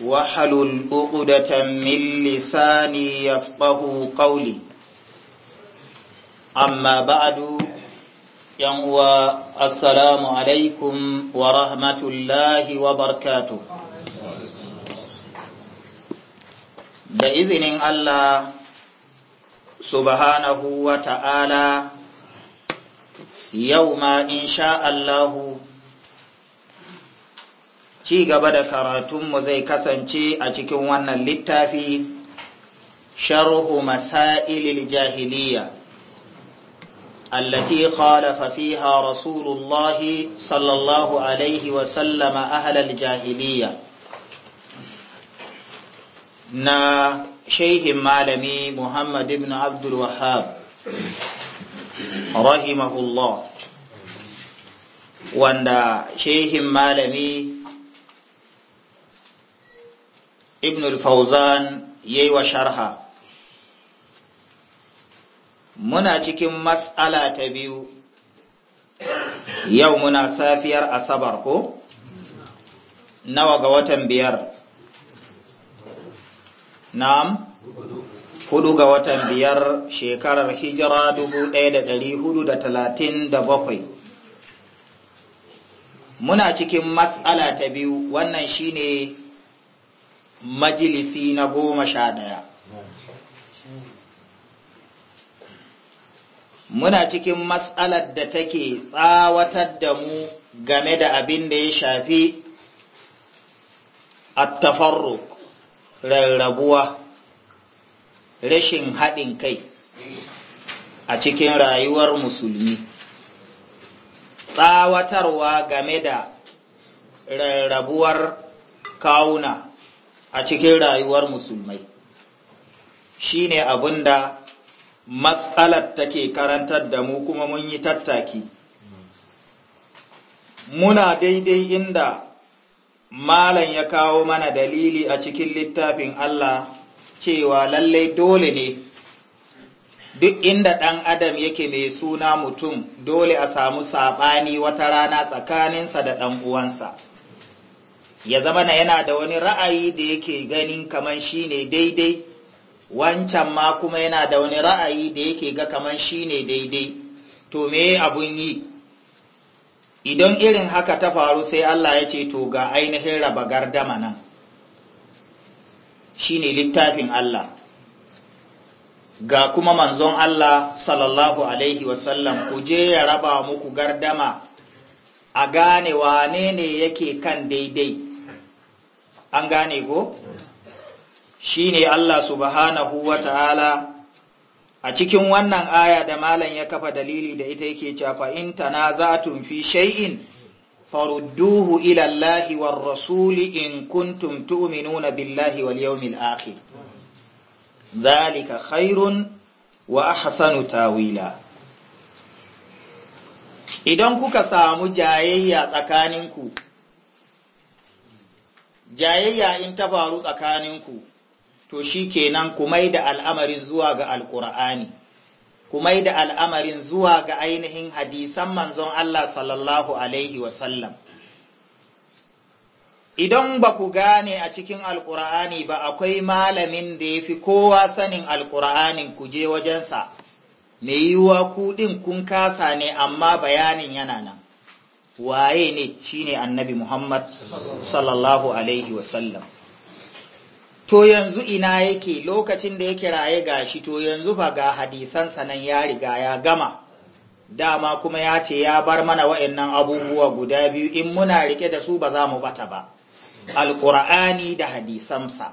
واحلل عقدة من لساني يفقه قولي أما بعد ينوى السلام عليكم ورحمة الله وبركاته da izinin Allah subhanahu wa ta'ala yau ma in sha Allahu ci gaba da karatunmu zai kasance a cikin wannan littafi sharhu masailil jahiliya allati khalafa fiha rasulullah sallallahu alaihi wa sallama ahlal jahiliya na shehin malami muhammad ibn abdul wahhab wanda shehin malami Ibnul-Fauzan fawzan yayi wa sharha muna cikin mas'ala ta biyu yau muna safiyar asabar ko nawa ga watan biyar na'am hudu ga watan biyar shekarar hijira dubu ɗaya da ɗari hudu da talatin da bakwai muna cikin mas'ala ta biyu wannan shine majalisi na goma sha ɗaya muna cikin matsalar da take tsawatar da mu game da abin da ya shafi attafarruk rarrabuwa rashin haɗin kai a cikin rayuwar musulmi tsawatarwa game da rarrabuwar kawuna a cikin rayuwar musulmai shi ne abin da matsalar take karantar da mu kuma mun yi tattaki muna daidai inda malam ya kawo mana dalili a cikin littafin Allah cewa lallai dole ne duk inda ɗan adam yake mai suna mutum dole a samu saɓani wata rana tsakaninsa da ɗan uwansa. ya zama na yana da wani ra'ayi da yake ganin kaman shi ne daidai wancan ma kuma yana da wani ra'ayi da yake ga kaman shi ne daidai to me abun yi idan irin haka ta faru sai Allah ya ce to ga ainihin raba gardama nan shi ne littafin Allah ga kuma manzon Allah sallallahu alaihi wasallam ku je ya raba muku gardama a gane wane ne yake kan daidai an gane ko shine Allah subhanahu wata'ala a cikin wannan aya da malam ya kafa dalili da ita yake cewa fa in tanaza'tum fi shay'in farudduhu ila Allahi war rasuli in kuntum tu'minuna billahi wal yawmil akhir zalika khairun wa ahsanu tawila idan kuka samu jayayya tsakaninku jayayya in ta faru tsakaninku to shi kenan ku mai da al'amarin zuwa ga alƙur'ani ku mai da al'amarin zuwa ga ainihin hadisan manzon Allah sallallahu alaihi wasallam idan ba ku gane a cikin alƙur'ani ba akwai malamin da ya fi kowa sanin alƙur'anin ku je wajensa mai yiwuwa ku ɗin kun kasa ne amma bayanin yana nan waye ne shi ne annabi Muhammad sallallahu alaihi wasallam to yanzu ina yake lokacin da ya kiraye shi to yanzu ba ga hadisansa nan ya riga ya gama dama kuma ya ce ya bar mana wayannan abubuwa guda biyu in muna rike da su ba za mu bata ba alqur'ani da hadisansa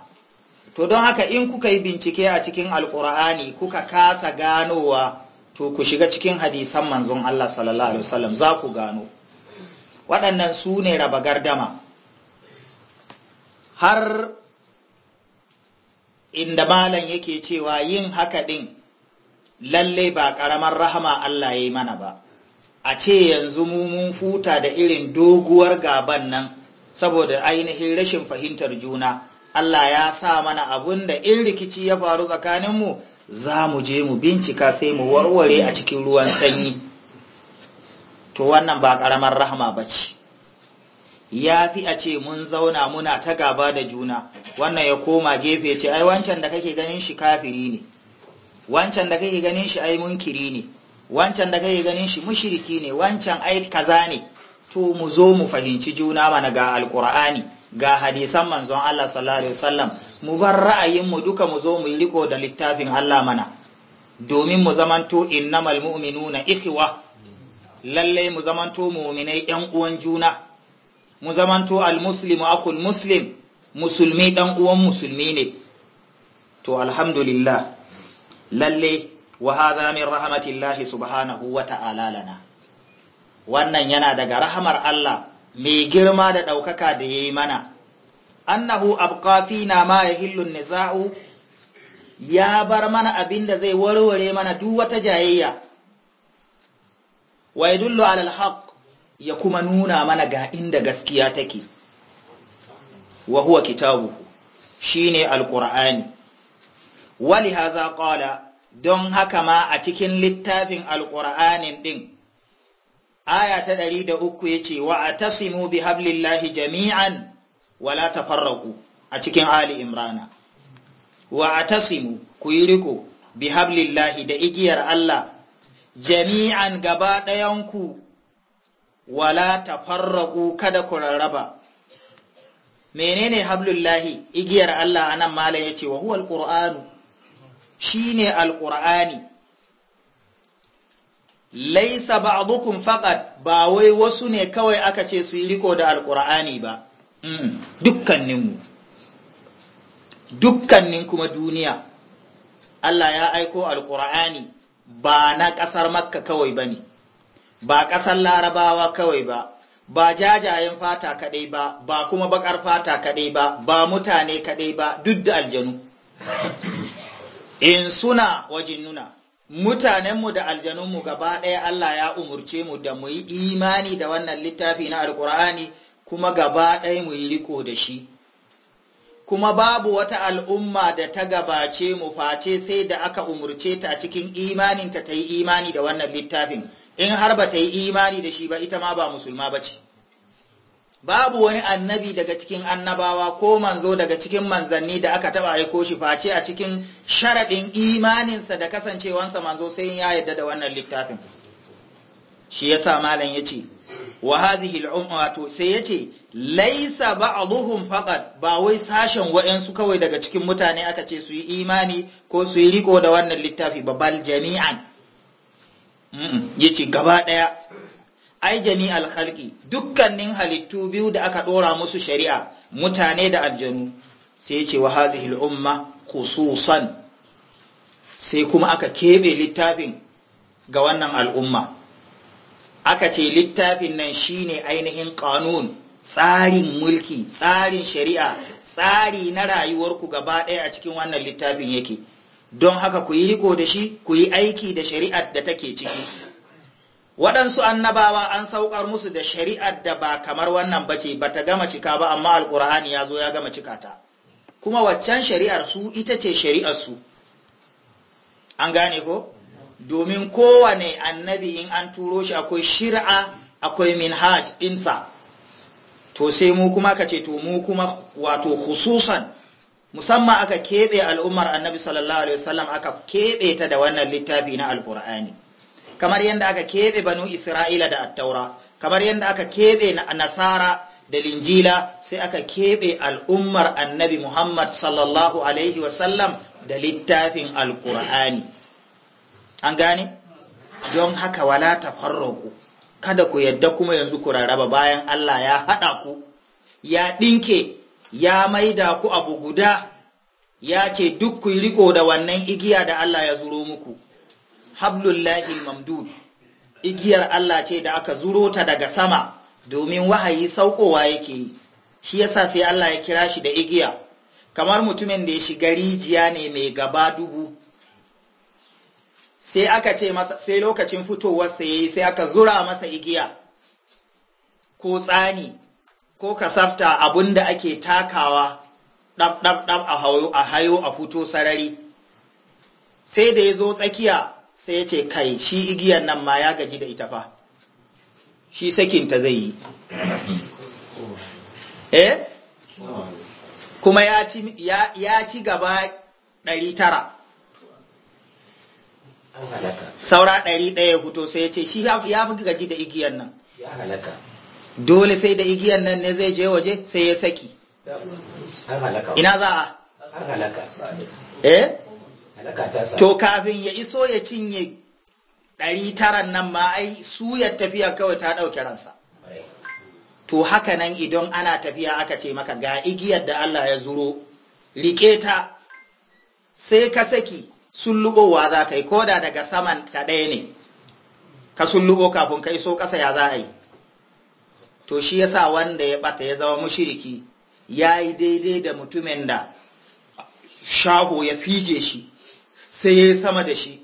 to don haka in kuka yi bincike a cikin alqur'ani kuka kasa ganowa to ku shiga cikin hadisan manzon Allah sallallahu alaihi wasallam za ku gano waɗannan su ne raba gardama har inda malam yake cewa yin haka ɗin lallai ba ƙaramar rahama Allah ya yi mana ba a ce yanzu mu mun futa da irin doguwar gaban nan saboda ainihin rashin fahimtar juna Allah ya sa mana abun da in rikici ya faru tsakaninmu za mu je mu bincika sai mu warware a cikin ruwan sanyi to wannan ba ƙaramar rahama ba ce ya fi a ce mun zauna muna ta gaba da juna wannan ya koma gefe ce ai wancan da kake ganin shi kafiri ne wancan da kake ganin shi ai munkiri ne wancan da kake ganin shi mushriki ne wancan ai kaza ne to mu zo mu fahimci juna mana ga alkur'ani ga hadisan manzon Allah sallallahu alaihi wasallam mu bar ra'ayin mu duka mu zo mu yi riko da littafin Allah mana domin mu zamanto innamal mu'minuna ikhwah lallai mu zamanto muminai ‘yan uwan juna, mu zamanto al-muslimu akul muslim, musulmi ɗan uwan musulmi ne. To, alhamdulillah, lallai wa haza min rahmatillahi subhanahu wa ta'ala lana. Wannan yana daga rahamar Allah mai girma da ɗaukaka da ya yi mana, annahu abqafi na ma ya hillun nisa'u ya bar mana abin da zai warware mana duk wata jayayya. wa yadullu ala alhaq ya kuma nuna mana ga inda gaskiya take wa huwa kitabu shine alqur'ani wali hadha qala don haka ma a cikin littafin alqur'anin din aya ta 103 yace wa atasimu bihablillahi jami'an wala tafarraqu a cikin ali imrana wa atasimu ku yi riko bihablillahi da igiyar Allah jami'an gaba ɗayanku, wala ta tafarraku kada ku rarraba. Menene hablullahi igiyar Allah a nan malam ya ce, wa huwa alƙur'anu, shi ne alƙur'ani, laisa ba'dukum faqat ba wai wasu ne kawai aka ce su yi riko da alƙur'ani ba, mm, dukkaninmu, dukkanin kuma duniya, Allah ya aiko alƙur'ani. ba na ƙasar makka kawai ba ne ba ƙasar larabawa kawai ba ba jajayen fata kaɗai ba ba kuma baƙar fata kaɗai ba ba mutane kaɗai ba duk da aljanu in suna wajen nuna mutanenmu da aljanunmu gaba ɗaya Allah ya umurce mu da mu yi imani da wannan littafi na alkur'ani kuma gaba ɗaya mu yi riko da shi kuma babu wata al'umma da ta gabace mu face sai da aka umurce ta cikin imaninta ta yi imani da wannan littafin, in har ba ta yi imani da shi ba ita ma ba musulma ba ce. Babu wani annabi daga cikin annabawa ko manzo daga cikin manzanni da aka taɓa aiko shi face a cikin sharaɗin imaninsa da kasancewansa manzo sai ya yarda da wannan littafin. Shi ya sa malam ya ce, wa hadhihi al'umma sai yace. laisa ba'dhum faqat ba wai sashen wa'ansu kawai daga cikin mutane aka ce su yi imani ko su yi riko da wannan littafi ba bal jami'an yace gaba daya ai jami'al khalqi dukkanin halittu biyu da aka dora musu shari'a mutane da aljanu sai yace wa hadhihi al umma khususan sai kuma aka kebe littafin ga wannan al'umma aka ce littafin nan shine ainihin kanun. tsarin mulki tsarin shari'a tsari na rayuwarku gaba ɗaya a cikin wannan littafin yake don haka ku yi riko da shi ku yi aiki da shari'ar da take ciki waɗansu annabawa an saukar musu da shari'ar da ba kamar wannan bace ba ta gama cika ba amma alkur'ani ya zo ya gama cika ta kuma waccan shari'ar su ita ce shari'ar su an gane ko domin kowane annabi in an turo shi akwai shir'a akwai minhaj ɗinsa to sai mu kuma ka ce to mu kuma wato hususan musamman aka keɓe al'ummar annabi sallallahu alaihi wasallam aka keɓe ta da wannan littafi na alkur'ani kamar yadda aka keɓe banu isra'ila da attaura kamar yadda aka keɓe nasara da linjila sai aka keɓe al'ummar annabi muhammad sallallahu alaihi wasallam da littafin alkur'ani an gane don haka wala tafarraku kada ku yadda kuma yanzu ku rarraba bayan Allah ya haɗa ku, ya ɗinke, ya maida ku abu guda, ya ce duk ku riko da wannan igiya da Allah ya zuro muku, hablullahi mamdud, igiyar Allah ce da aka zuro ta daga sama domin wahayi saukowa yake yi, shi yasa sai Allah ya kira shi da igiya, kamar mutumin da ya shiga rijiya ne mai gaba dubu, sai aka ce masa sai lokacin fitowarsa ya yi sai aka zura masa igiya ko tsani ko kasafta abun da ake takawa ɗab ɗab a hayo a fito sarari sai da ya zo tsakiya sai ya ce kai shi igiyan nan ma ya gaji da ita fa shi sakinta zai yi eh kuma ya ci gaba ɗari tara saura ɗari ɗaya hutu sai ya ce shi ya fi gaji da igiyan nan dole sai da igiyan nan ne zai je waje sai ya saki ina za a eh to kafin ya iso ya cinye ɗari taran nan ma ai su ya tafiya kawai ta ɗauki ransa to haka nan idan ana tafiya aka ce maka ga igiyar da Allah ya zuro riƙe ta sai ka saki sulluɓowa za ka yi ko da daga saman ta ɗaya ne ka sulluɓo kafin ka iso ƙasa ya za a yi to shi ya sa wanda ya ɓata ya zama mushiriki ya yi daidai da mutumin da shago ya fige shi sai ya sama da shi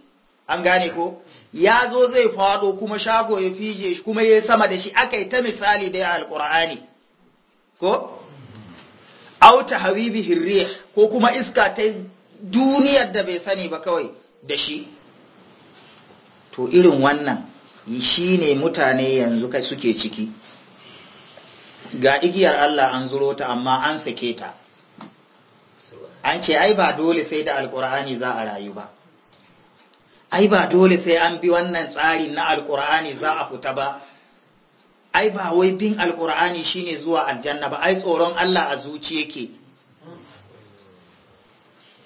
an gane ko ya zo zai faɗo kuma shago ya fige shi kuma ya sama da shi aka yi ta misali dai alkur'ani ko auta habibi hirrih ko kuma iska ta duniyar da bai sani ba kawai da shi to irin wannan shi ne mutane yanzu kai suke ciki ga igiyar Allah an zuro ta amma an sake ta an ce ai ba dole sai da alkur'ani za a rayu ba ai ba dole sai an bi wannan tsarin na alkur'ani za a fita ba ai ba wai bin alkur'ani shine zuwa aljanna ba ai tsoron Allah a zuci yake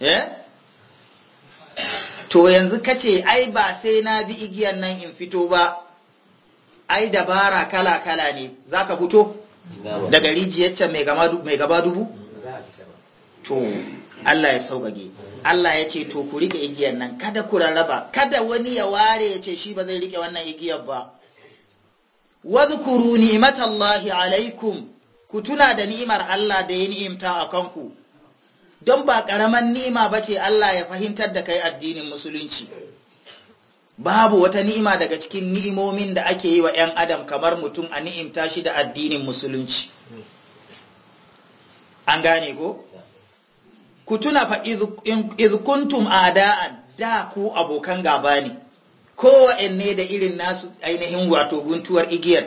Eh? to yanzu ka ce ai ba sai na bi igiyan nan in fito ba ai dabara kala-kala ne za ka fito daga rijiyar mai gaba dubu to Allah ya sauƙaƙe Allah ya ce to ku riƙe igiyar nan kada ku rarraba kada wani ya ware ya ce shi ba zai riƙe wannan igiyar ba wadhkuru ni'matallahi alaikum ku tuna da ni'imar Allah da ya ni'imta a kanku don ba ƙaraman ni'ima ba ce Allah ya fahimtar da kai addinin musulunci babu wata ni'ima daga cikin ni'imomin da ake yi wa 'yan adam kamar mutum a ni'imta shi da addinin musulunci an gane ko ku tuna fa iz kuntum ada'an da ku abokan gaba ne ne da irin nasu ainihin wato guntuwar igiyar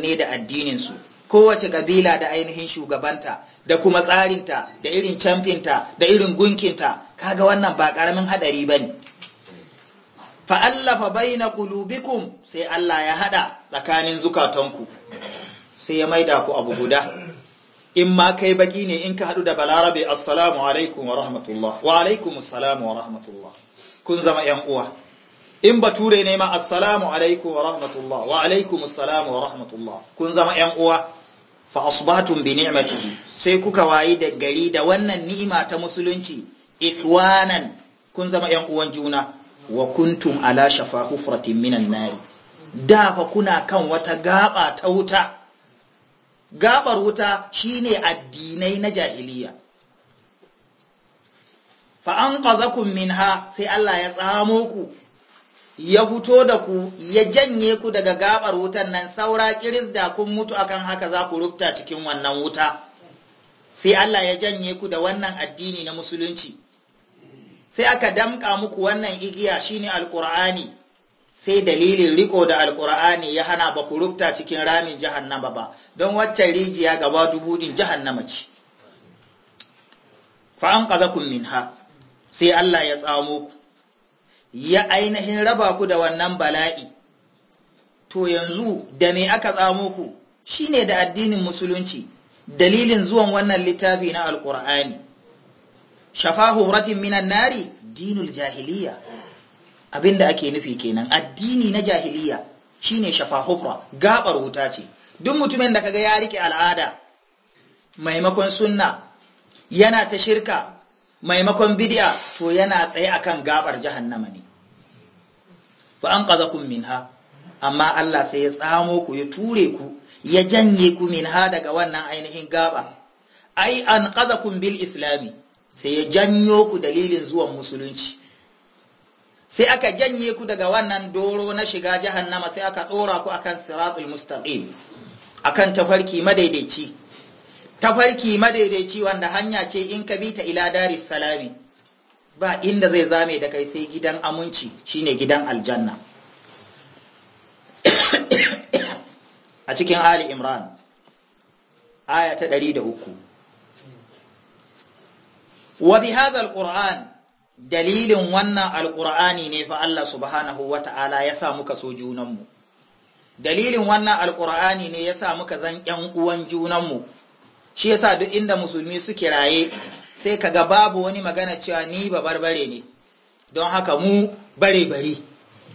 ne da addininsu kowace kabila da ainihin shugabanta da kuma tsarinta da irin camfinta da irin gunkinta kaga wannan ba karamin hadari bane fa'allafa baina qulubikum sai Allah ya hada tsakanin zukatanku sai ya maida ku abu guda in ma kai baki ne in ka hadu da balarabe assalamu alaikum wa rahmatullah wa alaikum assalamu wa rahmatullah kun zama yan uwa in bature ne ma assalamu alaikum wa rahmatullah wa alaikum assalamu wa rahmatullah kun zama yan uwa fa asbahtum bi ni'matihi sai kuka wayi da gari da wannan ni'ima ta musulunci ikhwanan kun zama yan uwan juna wa kuntum ala shafa hufratin minan nari da fa kuna kan wata gaba ta wuta gabar wuta shine addinai na jahiliya fa anqazakum minha sai Allah ya tsamo ku ya fito da ku ya janye ku daga gabar wutan nan saura kiris da kun mutu akan haka za ku rufta cikin wannan wuta sai Allah ya janye ku da wannan addini na musulunci sai aka damka muku wannan igiya shine alkur'ani sai dalilin riko da alkur'ani ya hana ba ku rufta cikin ramin jahannama ba don waccan rijiya gaba dubudin jahannama ce fa an minha sai Allah ya tsamo ku ya ainihin raba ku da wannan bala'i, to yanzu da me aka tsamo ku shine da addinin musulunci, dalilin zuwan wannan littafi na alkur'ani Shafahu ratin minan nari dinul jahiliya, Abinda ake nufi kenan, addini na jahiliya shine ne shafahufra, gaɓar wuta ce, duk mutumin da kaga ya rike al'ada maimakon sunna yana ta shirka maimakon bid'a to yana tsaye akan gabar jahannama ne fa anqadhakum minha amma Allah sai ya tsamo ku ya ture ku ya janye ku minha daga wannan ainihin gaba ai anqadhakum bil islami sai ya janyo ku dalilin zuwan musulunci sai aka janye ku daga wannan doro na shiga jahannama sai aka dora ku akan siratul mustaqim akan tafarki madaidaici Ta farki, madaidaici wanda hanya ce in ka bi ta ila daris salami ba inda zai zame da kai sai gidan aminci shine gidan aljanna a cikin ali imran aya ta 103 wa bi hadha alquran dalilin wannan alqurani ne fa Allah subhanahu ta'ala ya sa muka so junan mu. dalilin wannan alqurani ne ya sa muka zan yan uwan junan mu. shi yasa duk inda musulmi suke raye sai kaga babu wani magana cewa ni ba barbare ne don haka mu bare bare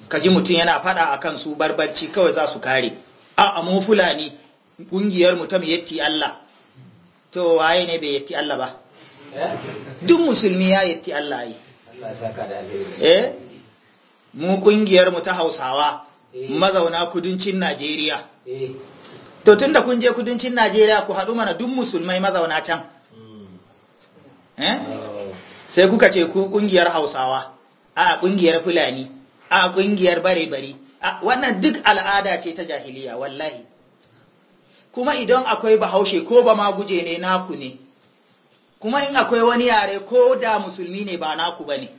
kaji mutum yana fada akan su barbarci kawai za su kare a mu fulani kungiyar ta yatti Allah to waye ne bai yatti Allah ba duk musulmi ya yatti Allah yi eh mu kungiyar mu ta Hausawa eh. mazauna kudancin Najeriya eh. to tunda kun je kudancin najeriya ku haɗu mana duk musulmai mazauna can hmm. eh? oh. sai kuka ce ku ƙungiyar hausawa a ƙungiyar fulani a ƙungiyar bare-bare wannan duk al'ada ce ta jahiliya wallahi kuma idan akwai bahaushe ko ba ma guje ne naku ne kuma in akwai wani yare ko da musulmi ne ba naku ba ne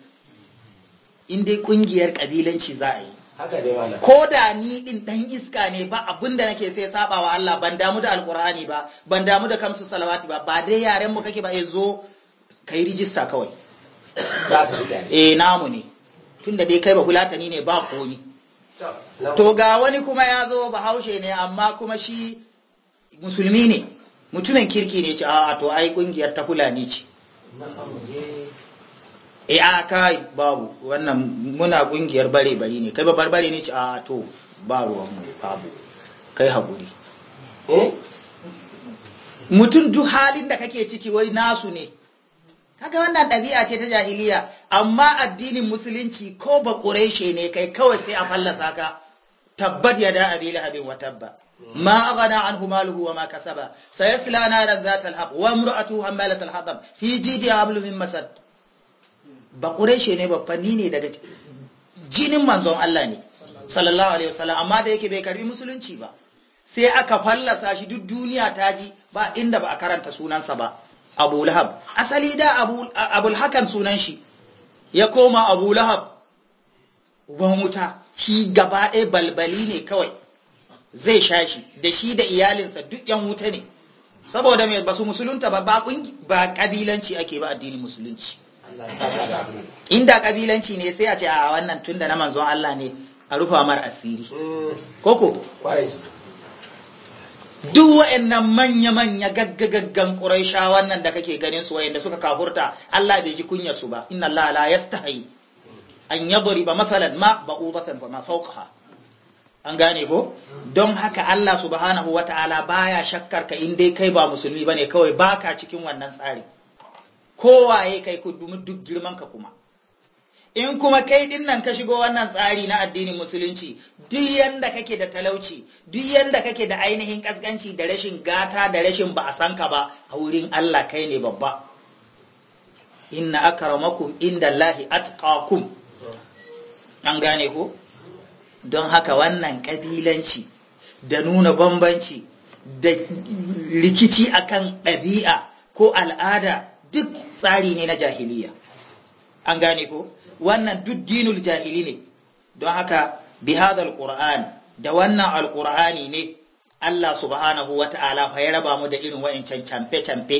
in dai ƙungiyar ƙabilanci za a yi ko da ni din ɗan iska ne ba abinda nake sai saba wa Allah ban damu da alkur'ani ba ban damu da kamsu salawati ba ba dai yaren mu kake ba eh zo kai rijista kawai eh namu ne tunda dai kai ba hulatani ne ba komi to ga wani kuma ya zo bahaushe ne amma kuma shi musulmi ne mutumin kirki ne ce a to ai kungiyar ta fulani ce e a kai babu wannan muna kungiyar bare bare ne kai babbar bare ne ce a to babu ruwan babu kai haƙuri eh? mutum duk halin da kake ciki wai nasu ne kaga wannan ɗabi'a ce ta jahiliya amma addinin musulunci ko ba ƙureshe ne kai kawai sai a fallasa ka tabbat ya da abi lahabin wa tabba ma aghana anhu maluhu wa ma kasaba sayasla naran zatal haq wa imra'atuhu hammalat al fi jidi hablum min masad ba ƙureshe ne ba fanni ne daga jinin manzon Allah ne sallallahu alaihi wasallam amma da yake bai karbi musulunci ba sai aka fallasa shi duk duniya ta ji ba inda ba a karanta sunansa ba Abu Lahab asali da Abu Abul Hakan sunan shi ya koma Abu Lahab uban wuta shi gaba ɗaya balbali ne kawai zai sha shi da shi da iyalinsa duk yan wuta ne saboda mai basu musulunta ba ba kabilanci ake ba addinin musulunci inda kabilanci ne sai a ce a wannan tunda na manzon Allah ne a rufa mar asiri koko mm. duk wa'annan manya-manya gaggagaggan ƙuraisha wannan da kake ganin su wayanda suka kafurta Allah bai ji kunya su ba inna Allah la yastahi an ba masalan ma ba'udatan fa ma fawqaha an gane ko don haka Allah subhanahu wata'ala baya shakkar ka in dai kai ba musulmi bane kawai baka cikin wannan tsari kowa ya kai ku duk girman ka kuma in kuma kai din nan ka shigo wannan tsari na addinin musulunci duk yanda kake da talauci duk yanda kake da ainihin ƙasƙanci da rashin gata da rashin ba a san ka ba a wurin Allah kai ne babba inna akramakum Allah atqakum an gane ko don haka wannan ƙabilanci, da nuna bambanci da rikici akan ɗabi'a ko al'ada duk tsari ne na jahiliya an gane ko wannan duk dinul jahili ne don haka hadal qur'an da wannan alqur'ani ne Allah subhanahu wa ta'ala ya raba mu da irin wa'incan camfe-camfe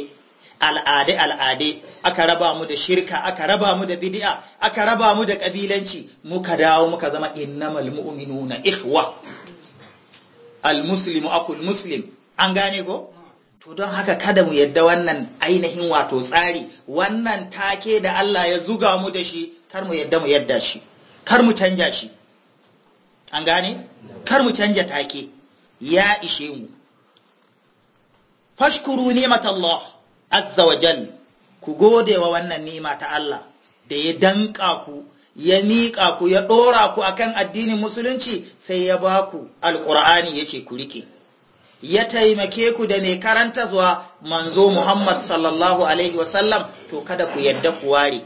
al'ade-al'ade aka raba mu da shirka aka raba mu da bid'a aka raba mu da kabilanci muka dawo muka zama innamal mu'minuna ikhwa al muslimu akul muslim an gane ko To don haka kada mu yadda wannan ainihin wato tsari, wannan take da Allah ya zuga mu da shi, kar mu yadda mu yadda shi, kar mu canja shi. An gane? Kar mu canja take, ya ishe mu. Fashkuru ni'mat Allah azza wa jal, ku gode wa wannan nima ta Allah da ya danka ku, ya miƙa ku, ya ɗora ku akan addinin musulunci sai ya ba ku alƙur'ani ya ce ku rike. ya taimake ku da mai karanta zuwa manzo Muhammad sallallahu Alaihi wasallam to kada ku yadda ku ware,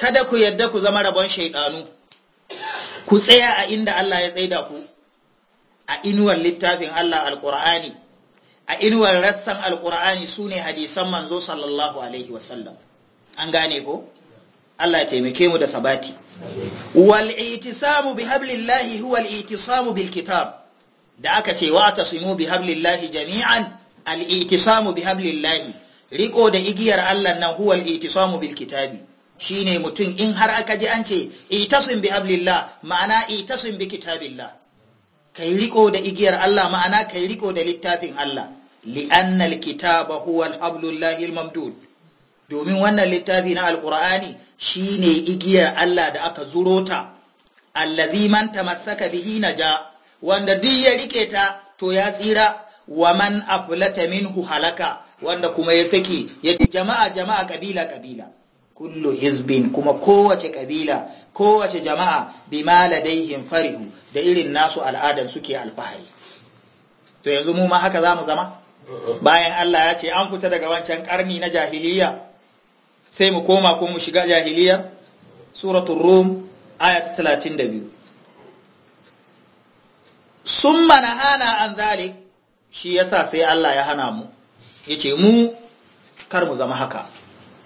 kada ku yadda ku zama rabon shaidanu, ku tsaya a inda Allah ya tsaida ku, a inuwar littafin Allah al al-Qur'ani, a inuwar rassan al al-Qur'ani su ne hadisan manzo sallallahu Alaihi wasallam. An gane ko? Allah ya taimake mu da sabati. Wal samu bi hablillahi huwa al itisamu bil kitab. da aka ce wa tasimu bi hablillahi jami'an al-itisamu bi hablillahi riko da igiyar Allah nan huwa al-itisamu bil kitabi shine mutum in har aka ji an ce itasim bi hablillah ma'ana itasim bi kitabillah kai riko da igiyar Allah ma'ana kai riko da littafin Allah li'anna al-kitaba huwa al-hablullahi al-mamdud domin wannan littafi na alqur'ani shine igiyar Allah da aka zuro ta allazi man tamassaka bihi naja wanda duk ya rike ta to ya tsira wa man aflata minhu halaka wanda kuma ya saki ya jama'a jama'a kabila kabila kullu hizbin kuma kowace kabila kowace jama'a bi maladaihim farihu da irin nasu al'adar suke alfahari to yanzu mu ma haka za mu zama bayan Allah ya ce an fita daga wancan karni na jahiliya sai mu koma ko mu shiga jahiliya suratul rum ayat 32 sun mana hana an zalik shi yasa sai Allah ya hana mu ya ce mu kar mu zama haka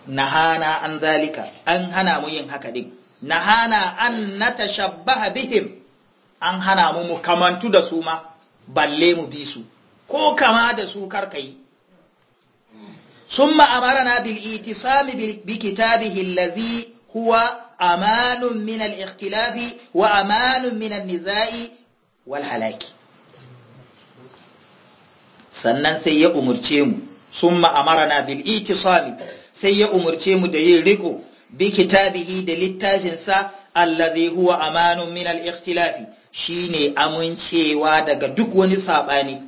na hana an zalika an hana mu yin haka din na hana an na tashabbaha bihim an hana mu mu kamantu da su ma balle mu bi su ko kama da su karkai summa amarana bil itisami bi kitabihi allazi huwa amanun min al wa amanun min nizai sannan sai ya umarce mu summa amarana bil itisami sai ya umarce mu da yin riko bi kitabihi da littafinsa allazi huwa amanun min al ikhtilafi shine amincewa daga duk wani sabani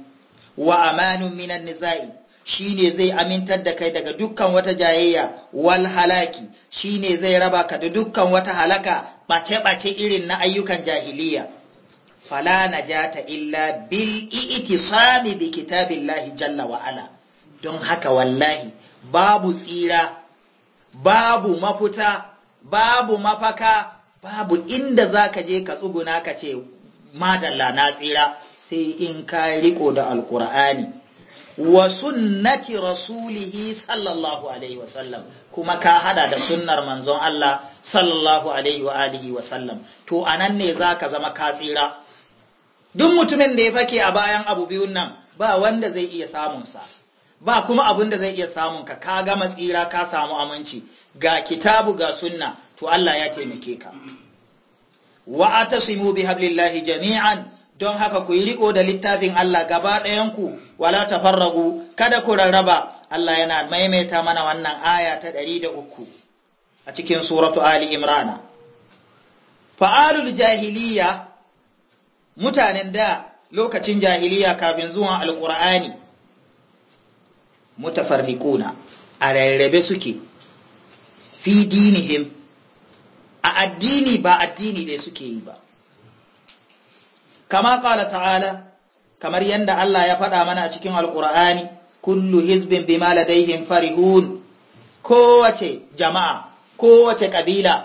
wa amanun min an nizai shine zai amintar da kai daga dukkan wata jayayya wal halaki shine zai raba ka da dukkan wata halaka bace bace irin na ayyukan jahiliya fala najata illa bil i'tisami bi kitabillahi jalla wa ala don haka wallahi babu tsira babu mafuta babu mafaka babu inda zaka je ka tsuguna ka ce madalla na tsira sai in ka riko da alkur'ani wa sunnati rasulihi sallallahu alaihi wasallam kuma ka hada da sunnar manzon Allah sallallahu alaihi wa alihi wasallam to anan ne zaka zama ka tsira duk mutumin da ya fake a bayan abu biyun nan ba wanda zai iya samunsa ba kuma abun da zai iya samun ka ka gama tsira ka samu aminci ga kitabu ga sunna to Allah ya taimake ka wa atasimu bi hablillahi jami'an don haka ku yi riko da littafin Allah gaba ɗayanku wala tafarragu kada ku rarraba Allah yana maimaita mana wannan aya ta ɗari da uku a cikin suratu Ali Imrana. Fa'alul jahiliya mutanen da lokacin jahiliya kafin zuwa alkur'ani mutafarriquna a rarrabe suke fi dinihim a addini ba addini ne suke yi ba kama kala ta'ala kamar yadda Allah ya faɗa mana a cikin alkur'ani kullu hizbin bima ladaihim farihun kowace jama'a kowace ƙabila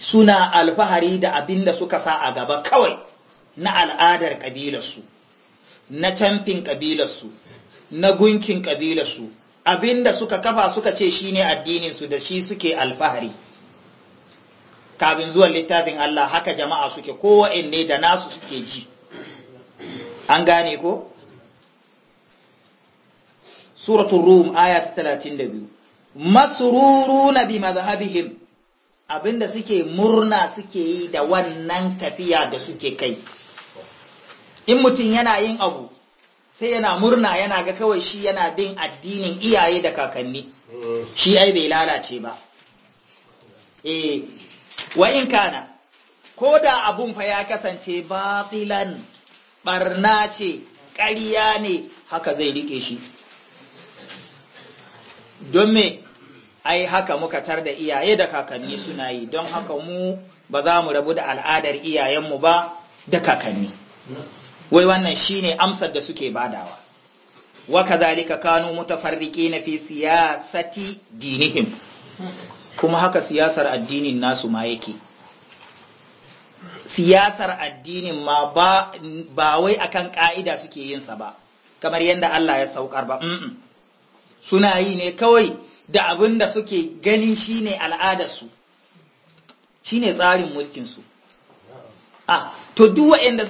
suna alfahari da abinda suka sa a gaba kawai na al'adar ƙabilarsu na camfin ƙabilarsu na gunkin ƙabilarsu abinda suka kafa suka ce shi ne addininsu da shi suke alfahari kafin zuwan littafin Allah haka jama'a suke ne da nasu suke ji an gane ko Suratun rum aya ta Masururu na bi mazhabihim abinda suke murna suke yi da wannan tafiya da suke kai in mutum yana yin abu sai yana murna yana ga kawai shi yana bin addinin iyaye da kakanni shi ai bai lalace ba eh wa in kana ko da abun fa ya kasance batilan barna ce ƙarya ne haka zai rike shi don me ai haka muka tar da iyaye da kakanni suna yi don haka mu ba za mu rabu da al'adar iyayenmu ba da kakanni wai wannan shine amsar da suke badawa wa ka zalika kanu na fi siyasati dinihim kuma haka siyasar addinin nasu ma yake siyasar addinin ma ba, wai akan ka'ida suke yin sa ba kamar yadda Allah ya saukar ba suna yi ne kawai da abin da suke gani shi shine al'adarsu shine tsarin mulkinsu su. Ah, to duk waɗanda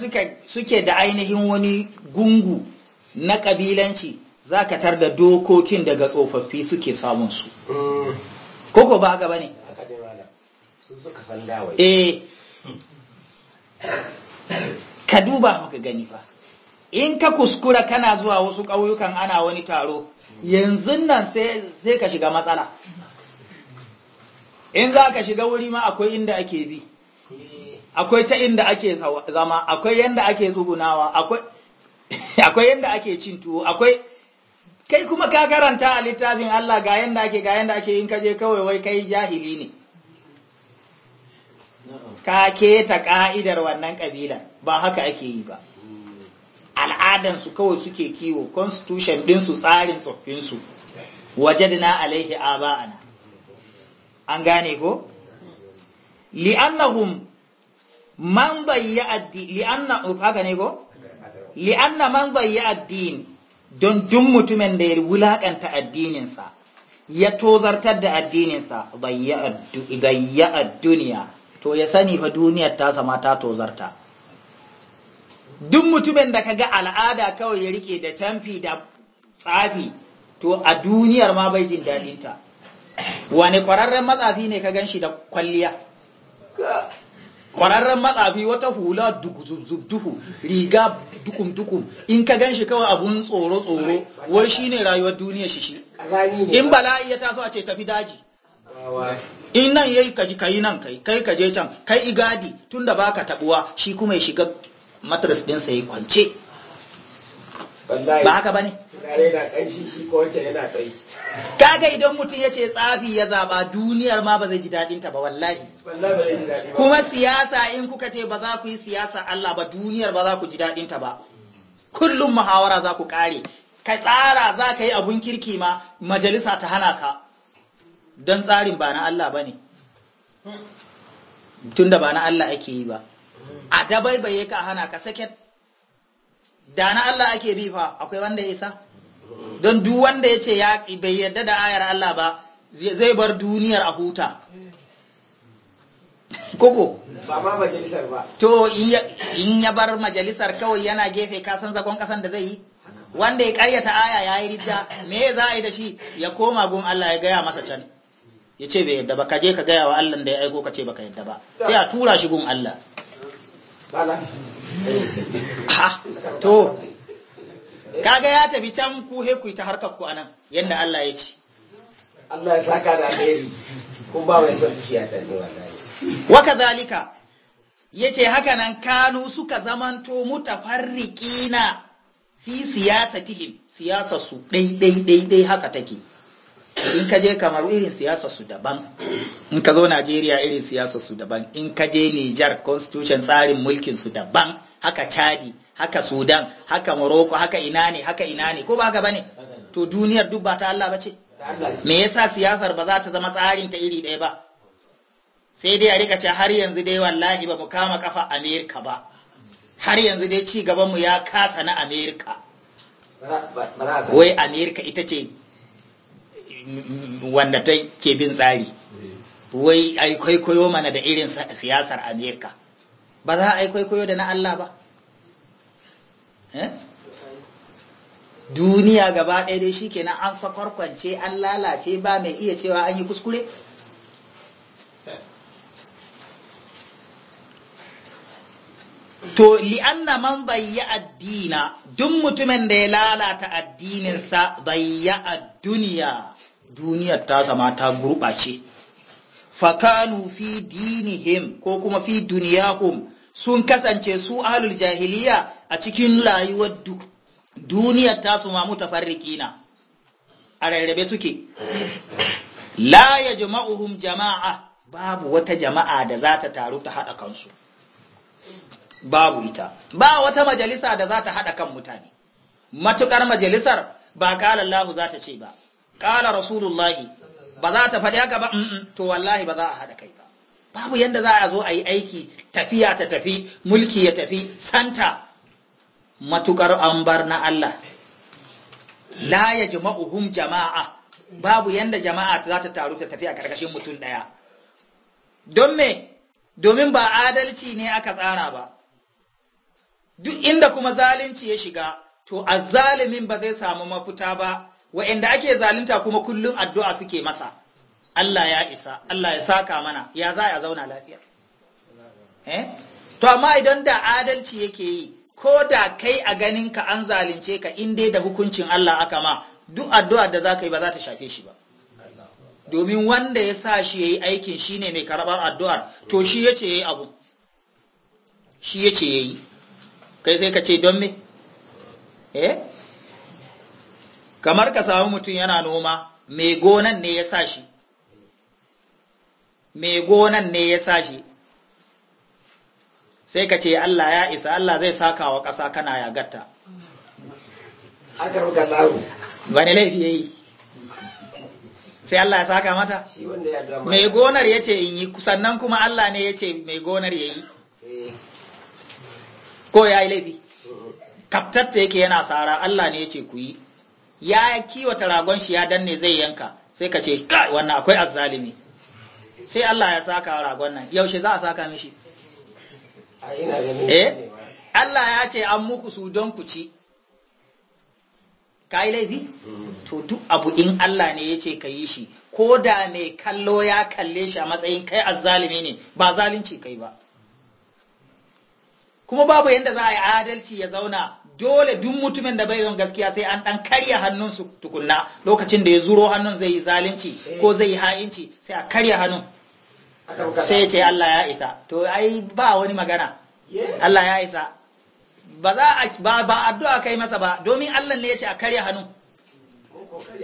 suke da ainihin wani gungu na ƙabilanci za ka tar da dokokin daga tsofaffi suke samun su koko mm. ba haka ba ne eh. ka duba ka gani fa in ka kuskura kana zuwa wasu ƙauyukan ana wani taro yanzu nan sai ka shiga matsala in za ka shiga wuri ma akwai inda ake bi hmm. akwai ta inda ake zama akwai yanda ake tsugunawa akwai yanda ake cin tuwo akwai kai kuma ka karanta a littafin Allah ga yanda ake ga yanda ake in kaje kawai wai kai jahili ne ka keta ka'idar wannan kabilan ba haka ake yi ba al'adansu kawai suke kiwo constitution su tsarin tsoffinsu wajadna alaihi aba'ana an gane ko li'annahum man dayya addini li'anna oh, haka ne ko li'anna man dayya addini don dun mutumin da ya wulakanta addininsa ya tozartar da addininsa dayya ad to ya sani fa duniyar ta sama ta tozarta duk mutumin da ka ga al'ada kawai ya rike da canfi da tsafi to a duniyar ma bai jin daɗinta wani kwararren matsafi ne ka gan shi da kwalliya Kwararren matsafi wata hula duhu riga dukum-dukum in ka gan shi kawai abun tsoro-tsoro wai shi ne rayuwar duniya shi shi in bala'i ya taso a ce tafi daji in nan yayi kaji kayi nan kai kai ka je can kai igadi tunda baka tabuwa shi kuma ya shiga matras din sai kwance ba haka bane kaga idan mutum ya ce tsafi ya zaba duniyar ma ba zai ji dadin ta ba wallahi kuma siyasa in kuka ce ba za ku yi siyasa Allah ba duniyar ba za ku ji daɗinta ba kullum muhawara za ku ƙare ka tsara za ka yi abun kirki ma majalisa ta hana ka don tsarin ba na Allah ba ne tun da ba na Allah ake yi ba a dabai yi ka hana ka saket da na Allah ake bi fa akwai wanda ya isa don duk wanda ya ce bai yarda da ayar Allah ba zai bar duniyar a huta koko ba ma majalisar ba to in ya bar majalisar kawai yana gefe kasan zagon kasan da zai yi wanda ya karyata aya ya yi ridda me za a yi da shi ya koma gun Allah ya gaya masa can ya ce bai yadda ba ka je ka gaya wa Allah da ya aiko ka ce baka yadda ba sai a tura shi gun Allah ha to kaga ya tafi can ku he ku ta harkar ku anan yadda Allah ya ce Allah ya saka da alheri kun ba mai son ciya ta ne wannan waka zalika ya ce hakanan kanu suka zamanto na fi siyasa siyasatihim siyasa ɗai-ɗai-ɗai haka take in ka je kamar irin siyasa su daban in ka zo najeriya irin siyasa su daban in ka je nijar constitution tsarin mulkin su daban haka chadi haka sudan haka morocco haka ina ne haka ina ne ko ba haka bane to duniyar duk ba ta allah ba ce me yasa siyasar ba za ta zama tsarin ta iri ɗaya ba sai dai a rika ce har yanzu dai wallahi ba mu kama kafa amerika ba har yanzu dai ci mu ya kasa na amerika wai amerika ita ce wanda ta ke bin tsari eh. wai ai kwaikwayo mana da irin siyasar amerika ba za a yi kwaikwayo da na allah ba eh? duniya gaba ɗaya dai shi kenan an sakwarkwance an lalace ba mai iya cewa an yi kuskure to anna man bayya addina duk mutumin da ya lalata addininsa bayya ad-duniya duniyar ta zama ta gurɓace fakanu fi dinihim ko kuma fi duniyahum sun kasance su ahlul jahiliya a cikin layuwar duniyar tasu ma mutafarriqina a rarrabe suke la yajma'uhum jama'a babu wata jama'a da za ta taru ta haɗa kansu babu ita ba wata majalisa da za ta haɗa kan mutane matuƙar majalisar ba ƙala Allah za ta ce ba ƙala rasulullahi ba za ta faɗi haka ba to wallahi ba za a haɗa kai ba babu yadda za a zo a yi aiki tafiya ta tafi mulki ya tafi santa matukar an bar na Allah la ya jama'uhum jama'a babu yadda jama'a za ta taru ta tafi a ƙarƙashin mutum ɗaya don me domin ba adalci ne aka tsara ba duk inda kuma zalunci ya shiga to a zalimin ba zai samu mafuta ba wa'anda ake zalunta kuma kullum addu'a suke masa Allah ya isa Allah ya saka mana ya za a zauna lafiya eh? to amma idan da adalci yake yi ko da kai a ganin ka an zalunce ka in dai da hukuncin Allah aka ma duk addu'a da za ka yi ba za ta shafe shi ba domin wanda ya sa shi yayi aikin shine mai karbar addu'ar to shi ya ce abu shi ya ce kai sai ka ce don me eh kamar ka samu mutum yana noma mai gonan ne ya sa shi mai gonan ne ya sa shi sai ka ce Allah ya isa Allah zai saka wa ƙasa kana ya gatta wani laifi ya yi sai Allah ya saka mata mai gonar ya ce in yi sannan kuma Allah ne ya ce mai gonar ya yi ko ya yi laifi kaftatta yake yana tsara Allah ne ya ce ku yi ya kiwata ragon shi ya danne zai yanka sai ka ce kai wannan akwai azzalimi sai Allah ya saka ragon nan yaushe za a saka mishi eh Allah ya ce an muku su don ku ci ka yi laifi mm. to duk abu in Allah ne ya ce ka yi shi ko da mai kallo ya kalle shi a matsayin kai azzalimi ne ba zalunci kai ba kuma babu yadda za a yi adalci ya zauna dole duk mutumin da bai zon gaskiya sai an dan karya hannunsu tukunna lokacin da ya zuro hannun zai yi zalunci ko zai yi ha'inci sai a karya hannun sai ya ce Allah ya isa to ai ba wani magana Allah ya isa ba za a ba ba addu'a kai masa ba domin Allah ne ya ce a karya hannun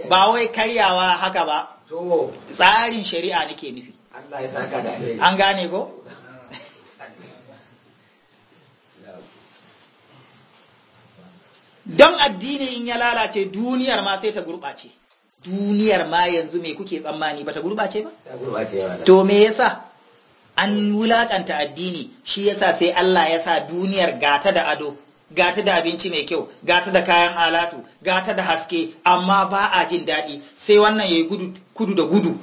ba wai karyawa haka ba tsarin shari'a nake nufi Allah ya saka da an gane ko don addini in ya lalace duniyar ma sai ta gurɓace duniyar ma yanzu me kuke tsammani ba ta gurɓace ba to me yasa an wulaƙanta addini shi yasa sai Allah ya sa duniyar gata da ado gata da abinci mai kyau gata da kayan alatu gata da haske amma ba a jin daɗi sai wannan ya yi kudu da gudu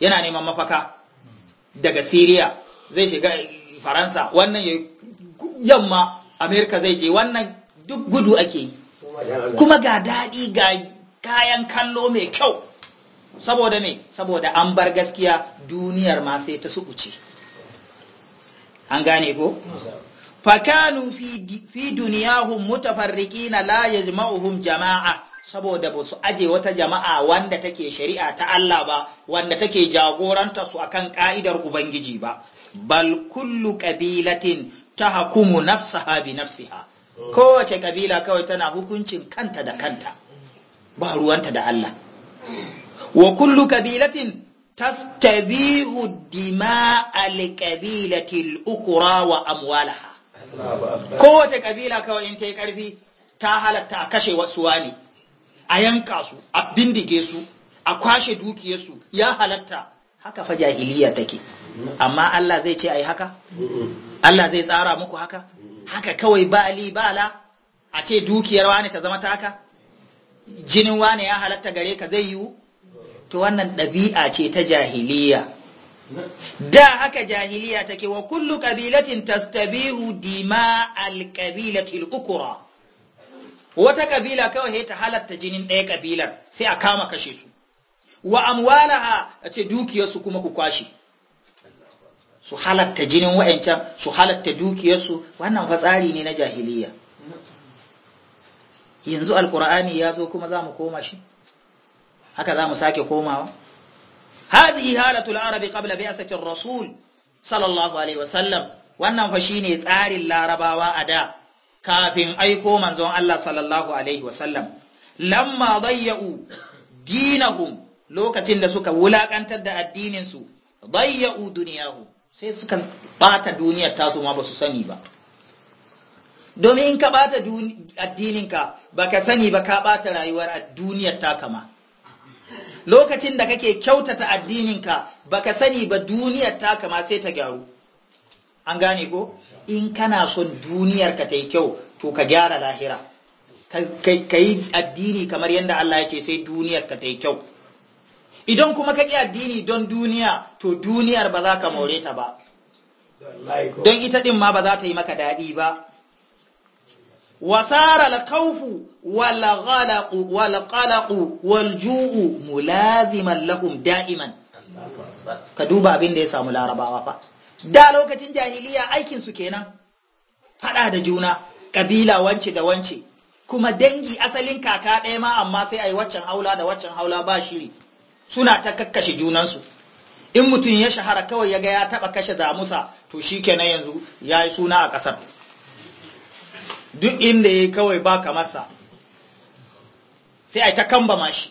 yana neman mafaka daga siriya zai shiga faransa wannan ya yamma amerika zai je wannan duk gudu ake yi kuma ga daɗi ga kayan kallo mai kyau saboda me saboda an bar gaskiya duniyar ma sai ta suɓuce an gane ko fakanu fi mutafarriki na laye ma'uhun jama'a saboda ba su aje wata jama'a wanda take shari'a ta Allah ba wanda take jagoranta su akan ka'idar ubangiji ba bal kullu qabilatin tahkumu nafsaha bi nafsiha kowace kabila kawai tana hukuncin kanta da kanta ba ruwanta da Allah wa kullu kabilatin tastabihu dima'a alkabilati al-ukra wa amwalaha kowace kabila kawai in ta yi karfi ta halatta a kashe wasu wani a yanka su a bindige su a kwashe dukiyarsu ya halatta haka fa jahiliya take amma Allah zai ce ai haka Allah zai tsara muku haka haka kawai ba li ba ala? a ce dukiyar wani ta zama taka jinin wane ya halatta gare ka zai yiwu to wannan ɗabi'a ce ta jahiliya da haka jahiliya take wa kullu kabilatin tastabihu dima alƙabilatil ukura wata kabila kawai ta halatta jinin ɗaya kabilar sai a kama kashe su wa amwalaha a ce dukiyarsu kuma ku kwashe su halatta jinin wa'ancan su halatta dukiyarsu wannan fatsari ne na jahiliya yanzu alkur'ani ya zo kuma za mu koma shi haka za mu sake komawa hadhihi halatul arabi qabla bi'sati rasul sallallahu alaihi wasallam wannan fa shine tsarin larabawa a da kafin aiko manzon Allah sallallahu alaihi wasallam lamma dayya'u dinahum lokacin da suka wulakantar da addininsu dayya'u duniyahum sai suka bata duniyar tasu ma ba su sani ba domin in ka bata addininka ba ka sani ba ka bata rayuwar duniyar taka ma lokacin da kake kyautata addininka ba ka sani ba duniyar ta ma sai ta gyaru an gane ko in kana son duniyarka ta yi kyau to ka gyara lahira ka yi addini kamar yadda Allah ya ce sai duniyar ka ta yi kyau idan kuma ka ƙi addini don duniya to duniyar ba za ka more ta ba don ita ɗin ma ba za ta yi maka daɗi ba wasara alkhawfu wal ghalaqu wal wal ju'u mulaziman lahum da'iman ka duba abin da ya samu larabawa fa da lokacin jahiliya aikin su kenan fada da juna ƙabila wance da wance kuma dangi asalin kaka ɗaya ma amma sai ai waccan haula da waccan haula ba shiri suna ta kakkashe junansu in mutum ya shahara kawai ya ga ya taɓa kashe damusa to shi kenan yanzu ya yi suna a ƙasar duk inda ya yi kawai ba kamarsa sai a ta kambama shi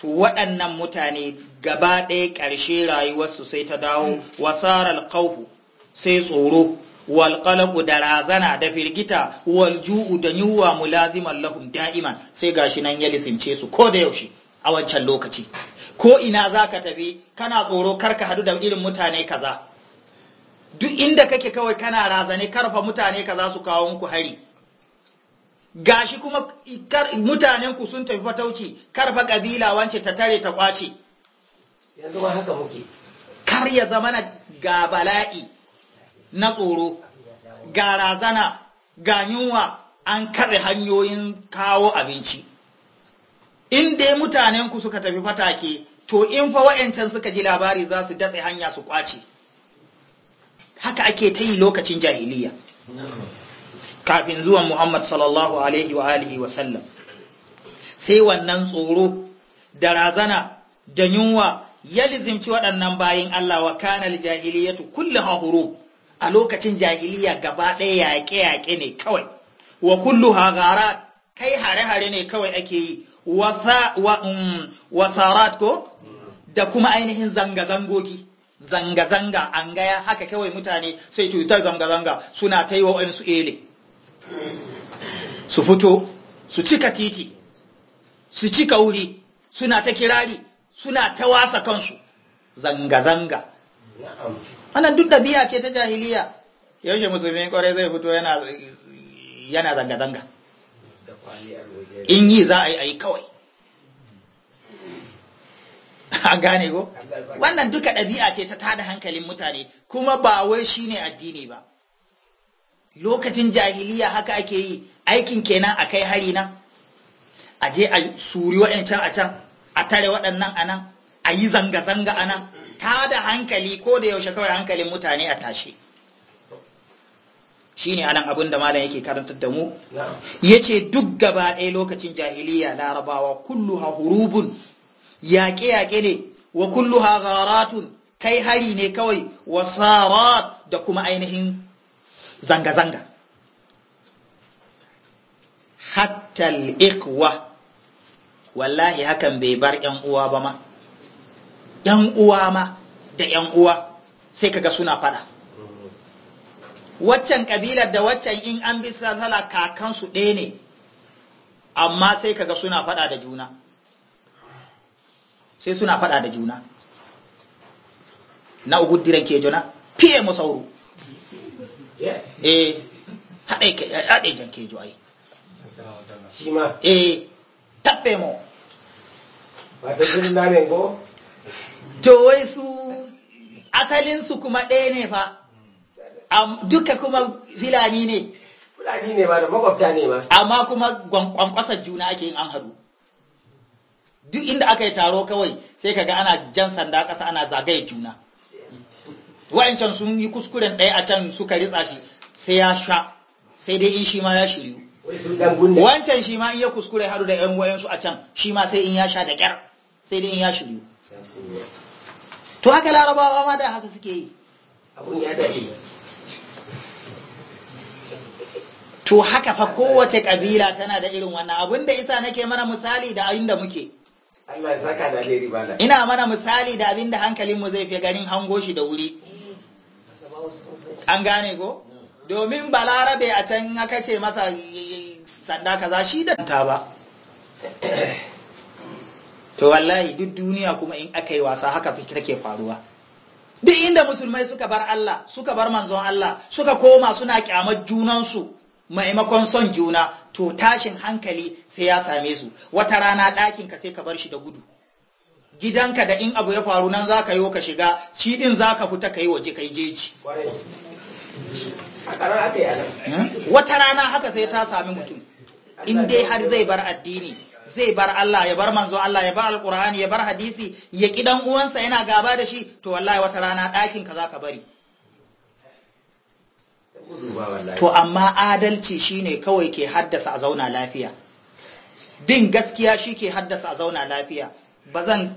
to waɗannan mutane gaba ɗaya ƙarshe rayuwarsu sai ta dawo wasarar kawo sai tsoro walƙalaƙu da razana da firgita walju'u da yunwa mulaziman lahum da'iman sai gashi nan ya lisince su ko da yaushe a wancan lokaci ko ina za ka tafi kana tsoro karka hadu da irin mutane kaza duk inda kake kawai kana razane karfa mutane kaza su kawo muku hari gashi kuma mutanenku sun tafi fatauci karfa kabila wance ta tare ta kwace yanzu ba haka muke kar ya zama na ga bala'i na tsoro ga razana ga yunwa an kare hanyoyin kawo abinci in dai mutanen ku suka tafi fatake to in fa wa'ancan suka ji labari za su datse hanya su kwace haka ake ta yi lokacin jahiliya kafin zuwan Muhammad sallallahu alaihi wa alihi wa sai wannan tsoro da razana da yunwa ya lizimci waɗannan bayin Allah wa kanal jahiliyatu a hurub a lokacin jahiliya gaba ɗaya yaƙe-yaƙe ne kawai wa kulluha hagara kai hare-hare ne kawai ake yi Mm, wasarat ko da kuma ainihin zanga-zangogi zanga-zanga an gaya haka kawai mutane sai tutar zanga-zanga suna ta yi wa su ele su fito su cika titi su cika wuri suna ta kirari suna ta wasa kansu zanga-zanga wannan duk ɗabi'a ce ta jahiliya yaushe musulmi kwarai zai fito yana zanga-zanga in yi za a yi a kawai a gane ko wannan duka ɗabi'a ce ta tada hankalin mutane kuma ba wai shi ne addini ba lokacin jahiliya haka ake yi aikin kenan a kai hari na a je a suri wa'ancan a can a tare waɗannan a nan a yi zanga-zanga a nan tada hankali ko da yaushe kawai hankalin mutane a tashe shine anan abin da malam yake karantar da mu yace duk gaba ɗaya lokacin jahiliya larabawa kulluha hurubun yaƙe yaƙe ne wa kulluha gharatun kai hari ne kawai wa sarat da kuma ainihin zanga zanga hatta ikwa. wallahi hakan bai bar ‘yan uwa ba ma, ‘yan uwa ma da ‘yan uwa sai kaga suna faɗa. waccan kabilar da waccan in an bi sallala kakansu ɗaya ne amma sai kaga suna faɗa da juna sai suna faɗa da juna na uguddiran ke juna fiye masauro eh haɗe jan kejo ai shi ma eh taɓe mo wata jirgin namen go to wai su asalinsu kuma ɗaya ne fa duka kuma filani ne Filani ne ba da makwabta ne ba amma kuma kwankwasar juna ake yin an hadu duk inda aka yi taro kawai sai kaga ana jan sanda ƙasa ana zagaye juna wa'ancan sun yi kuskuren ɗaya a can suka ritsa shi sai ya sha sai dai in shi ma ya shiryu wancan shi ma in ya kuskure haɗu da yan wayansu a can shi ma sai in ya sha da ƙyar sai dai in ya shiryu to haka larabawa ma da haka suke yi abun ya daɗe to haka fa kowace kabila tana da irin wannan abin da isa nake mana misali da abin da muke. ina mana misali da abin da mu zai fi ganin hango shi da wuri an gane ko domin balarabe a can aka ce masa sanda kaza shi da ta ba to wallahi duk duniya kuma in aka yi wasa haka take faruwa duk inda musulmai suka bar Allah suka bar manzon Allah suka koma suna kyamar junansu maimakon son juna to tashin hankali sai ya same su wata rana ɗakinka sai ka bar shi da gudu gidanka da in abu ya faru nan za ka yi ka shiga shi ɗin za ka fita ka yi waje ka yi jeji hmm? wata rana haka sai ta sami mutum in dai har zai bar addini zai bar Allah ya bar manzo Allah ya bar alkur'ani ya bar hadisi ya kidan uwansa yana gaba da shi to wallahi wata rana ɗakinka za ka bari to amma adalci shine kawai ke haddasa a zauna lafiya bin gaskiya shi ke haddasa a zauna lafiya ba zan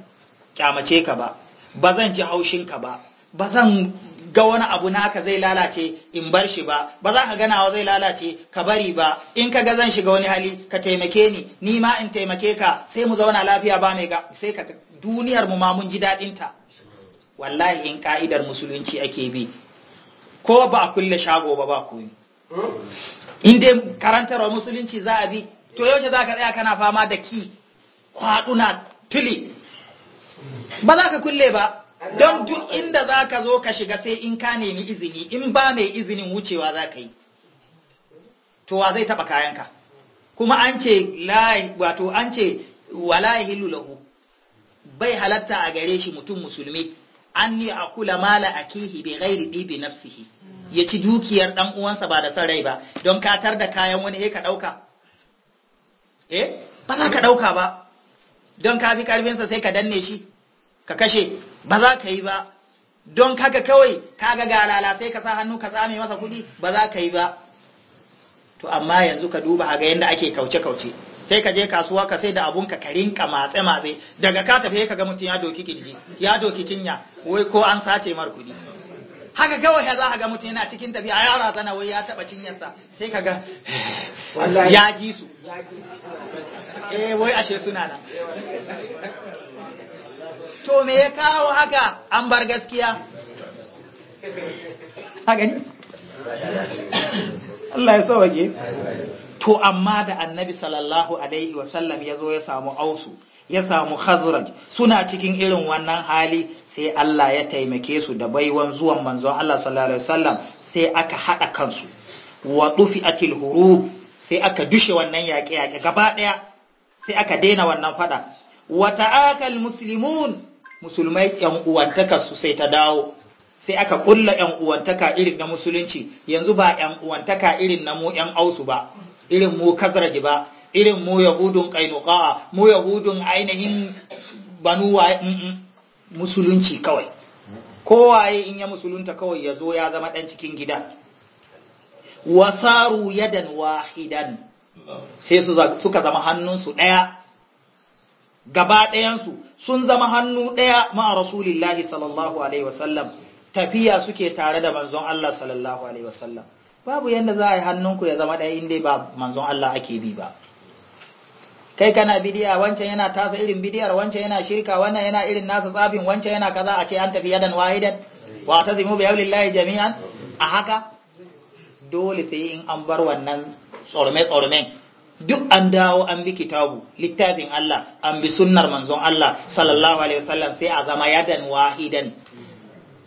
kyamace ka ba ba zan ji haushinka ba ba zan ga wani abu na naka zai lalace in bar shi ba ba za ka ganawa zai lalace ka bari ba in ka ga zan shiga wani hali ka taimake ni ni ma in taimake ka sai mu zauna lafiya ba mai ga sai ka duniyar mu ma mun ji daɗinta wallahi in ka'idar musulunci ake bi ko ba a kulle shago ba ba koyi in dai karantarwa musulunci za a bi to yaushe za ka tsaya kana fama da ki kwaduna tuli ba za ka kulle ba don duk inda za ka zo ka shiga sai in ka nemi izini in ba mai izinin wucewa za ka yi to wa zai taɓa kayanka kuma an ce wato an ce wala lahu bai halatta a gare shi mutum musulmi anni kula mala a kihi bai gairi ɗibi nafsihi ya ci dukiyar ɗan uwansa ba da son rai ba don katar da kayan wani eh ka ɗauka, eh ba za ka ɗauka ba don ka fi karfinsa sai ka danne shi ka kashe ba za ka yi ba don kaga kawai kaga galala sai ka sa hannu ka tsame masa kuɗi ba za ka yi ba to amma yanzu ka duba a ga yadda ake kauce-kauce sai ka je kasuwa ka sai da abun ka rinka matse matse daga ka tafi ka ga mutum ya doki kirji ya doki cinya wai ko an sace mar kuɗi haka ga ya za a ga mutum yana cikin tafiya ya razana wai ya taɓa sa sai ka ga ya ji su eh wai ashe suna nan to me ya kawo haka an bar gaskiya a gani Allah ya sauke to amma da annabi sallallahu alaihi wasallam ya zo ya samu ausu ya samu khazraj suna cikin irin wannan hali sai Allah ya taimake su da baiwan zuwan manzon Allah sallallahu alaihi wasallam sai aka haɗa kansu wa dufi'atil hurub sai aka dushe wannan yaƙe-yaƙe gaba ɗaya sai aka daina wannan faɗa wa ta'akal muslimun musulmai yan uwantaka su sai ta dawo sai aka kulla yan uwantaka irin na musulunci yanzu ba yan uwantaka irin na mu yan ausu ba irin mu kazraji ba irin mu yahudun kainuka mu yahudun ainihin banu mm, mm, musulunci kawai kowaye in ya musulunta kawai ya zo ya zama ɗan cikin gida wasaru yadan wahidan sai suka zama hannunsu ɗaya gaba ɗayansu sun zama hannu ɗaya ma'a rasulillahi sallallahu alaihi wasallam tafiya suke tare da manzon Allah sallallahu alaihi wasallam babu yadda za a yi hannunku ya zama ɗaya inda ba manzon Allah ake bi ba kai kana bidiya wancan yana tasa irin bidiyar wancan yana shirka wannan yana irin nasa tsafin wancan yana kaza a ce an tafi yadan wahidan wa ta zimu bi jami'an a haka dole sai in an bar wannan tsorme tsormen duk an dawo an bi kitabu littafin Allah an bi sunnar manzon Allah sallallahu alaihi wasallam sai a zama yadan wahidan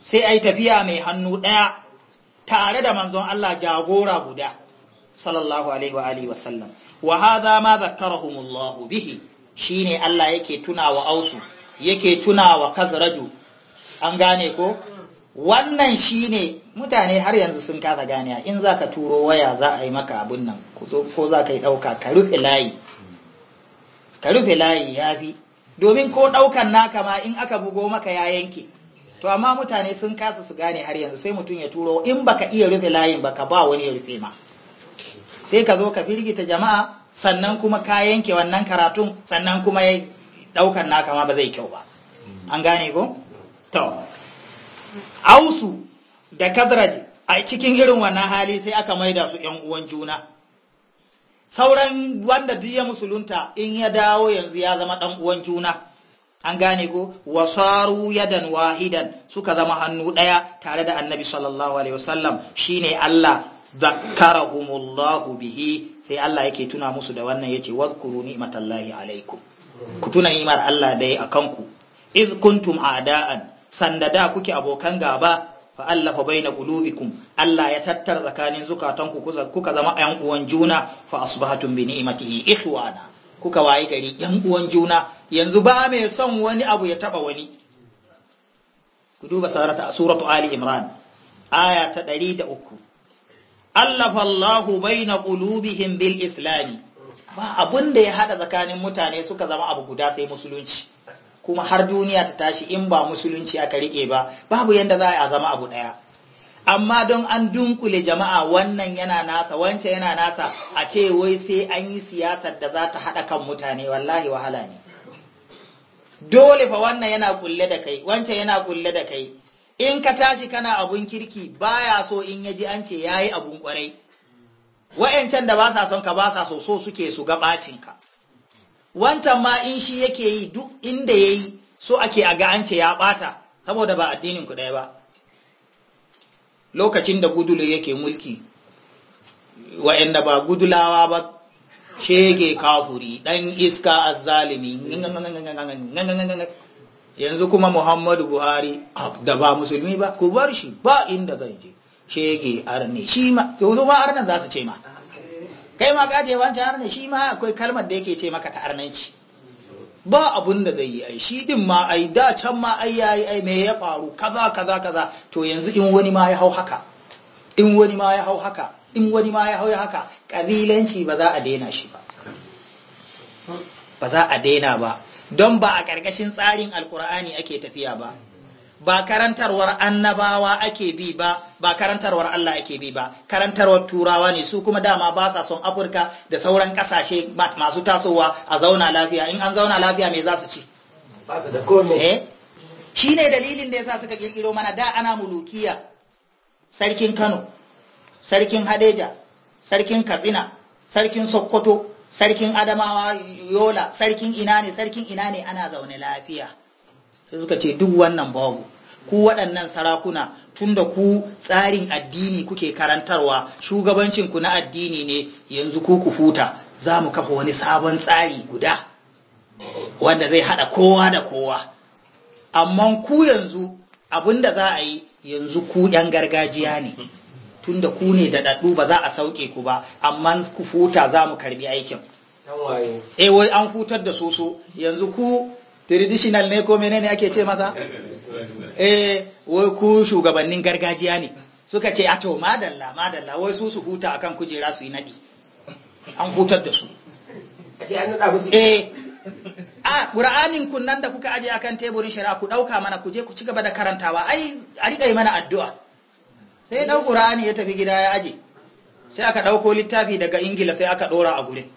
sai ai tafiya mai hannu ɗaya tare da manzon Allah jagora guda sallallahu alaihi wa alihi wasallam wa hadha ma zakkarahumullahu bihi shine Allah yake tuna wa ausu yake tuna wa kazraju an gane ko wannan shine mutane har yanzu sun kasa gane in zaka turo waya za a yi maka abun nan ko za ka yi dauka ka rufe layi ka rufe layi yafi domin ko ɗaukan naka ma in aka bugo maka ya yanke to amma mutane sun kasa su gane har yanzu sai mutum ya turo in baka iya rufe layin baka ba wani ya rufe ma sai ka zo ka firgita jama'a sannan kuma ka yanke wannan karatun sannan kuma ya ɗaukan naka ma ba zai kyau ba an gane ko to ausu da kadraj a cikin irin wannan hali sai aka maida su ƴan uwan juna sauran wanda duk ya musulunta in ya dawo yanzu ya zama ɗan uwan juna an gane ko wasaru yadan wahidan suka zama hannu ɗaya tare da annabi sallallahu alaihi wasallam shine Allah zakkarahumullahu bihi sai Allah yake tuna musu da wannan yace wazkuru ni'matallahi alaikum ku tuna ni'mar Allah dai akan ku id kuntum a'da'an sanda da kuke abokan gaba fa allafa baina qulubikum Allah ya tattara tsakanin ku kuka zama yan uwan juna fa asbahatum bi ni'matihi ikhwana kuka wayi gari yan uwan juna yanzu ba mai son wani abu ya taba wani ku duba sarata a suratu ali imran aya ta ɗari da uku allafa allahu baina qulubihim bil islami ba abun da ya haɗa tsakanin mutane suka zama abu guda sai musulunci kuma har duniya ta tashi in ba musulunci aka riƙe ba babu yadda za a zama abu ɗaya amma don an dunkule jama'a wannan yana nasa wancan yana nasa a ce wai sai an yi siyasar da za ta haɗa kan mutane wallahi wahala ne dole fa wannan yana kulle da kai wancan yana kulle da kai in ka tashi kana abun kirki baya so in yaji an ce yayi abun kwarai wa'yancan da ba sa son ka ba sa so so suke su ga bacin ka wancan ma in shi yake yi duk inda yayi so ake a ga an ce ya bata saboda ba addinin ku ɗaya ba lokacin da gudulu yake mulki wa'yanda ba gudulawa ba shege kafuri ɗan iska azzalimi yanzu kuma muhammadu buhari da ba musulmi ba ku bar shi ba inda zai je shege arne shi ma yanzu ma arnan za su ce ma kai ma kaje wancan arne shi ma akwai kalmar da yake ce maka ta arnanci ba abun da zai yi ai shi din ma ai da can ma ai yayi ai me ya faru kaza kaza kaza to yanzu in wani ma ya hau haka in wani ma ya hau haka in wani ma ya hau haka ƙabilanci ba za a daina shi ba ba za a daina ba don ba a ƙarƙashin tsarin alkur'ani ake tafiya ba ba karantarwar annabawa ake bi ba ba karantarwar Allah ake bi ba karantarwar turawa ne su kuma dama ba sa son afirka da sauran kasashe masu tasowa a zauna lafiya in an zauna lafiya me za su ci eh? shi ne dalilin da ya sa suka ƙirƙiro mana da ana mulukiya sarkin kano sarkin hadeja sarkin katsina sarkin sokoto sarkin adamawa yola sarkin ina ne sarkin ina ne ana zaune lafiya sai suka ce duk wannan babu ku waɗannan sarakuna tun da ku tsarin addini kuke karantarwa shugabancinku na addini ne yanzu ku ku huta za mu kafa wani sabon tsari guda wanda zai haɗa kowa da kowa amma ku yanzu da za a yi yanzu ku 'yan gargajiya ne tunda ku ne da daddu ba za a sauke ku ba amma ku huta za mu karbi aikin eh wai an hutar da soso yanzu ku traditional ne ko menene ake ce masa eh wai ku shugabannin gargajiya ne suka ce ato madalla madalla wai su su huta akan kujera su yi nadi an hutar da su eh a qur'anin kun nan da kuka aje akan teburin shari'a ku ɗauka mana ku je ku ci gaba da karantawa ai a rika yi mana addu'a sai ɗan ƙura'ani ya tafi gida ya aje sai aka ɗauko littafi daga ingila sai aka ɗora a gurin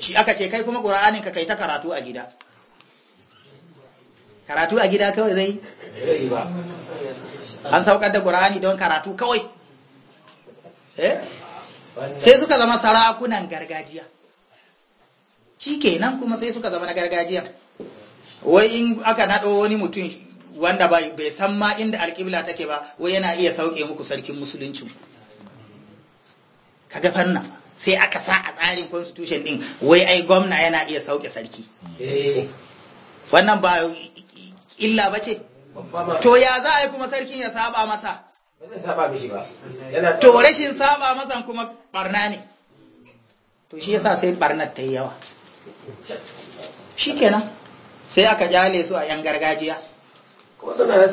shi aka ce kai kuma ƙura'anin ka kai ta karatu a gida karatu a gida kawai zai an saukar da ƙura'ani don karatu kawai eh? sai suka zama sarakunan gargajiya shi kenan kuma sai suka zama na gargajiya wai in aka naɗo wani mutum wanda bai san ma inda alƙibla take ba wai yana iya sauke muku sarkin musulunci kaga fanna sai aka sa a tsarin constitution din wai ai gwamna yana iya sauke sarki eh. wannan ba illa ba ce to ya za a yi kuma sarkin ya saba masa to rashin saba masa kuma barna ne to shi yasa sai barnar ta yi yawa shikenan sai aka jale su a 'yan gargajiya wasn't as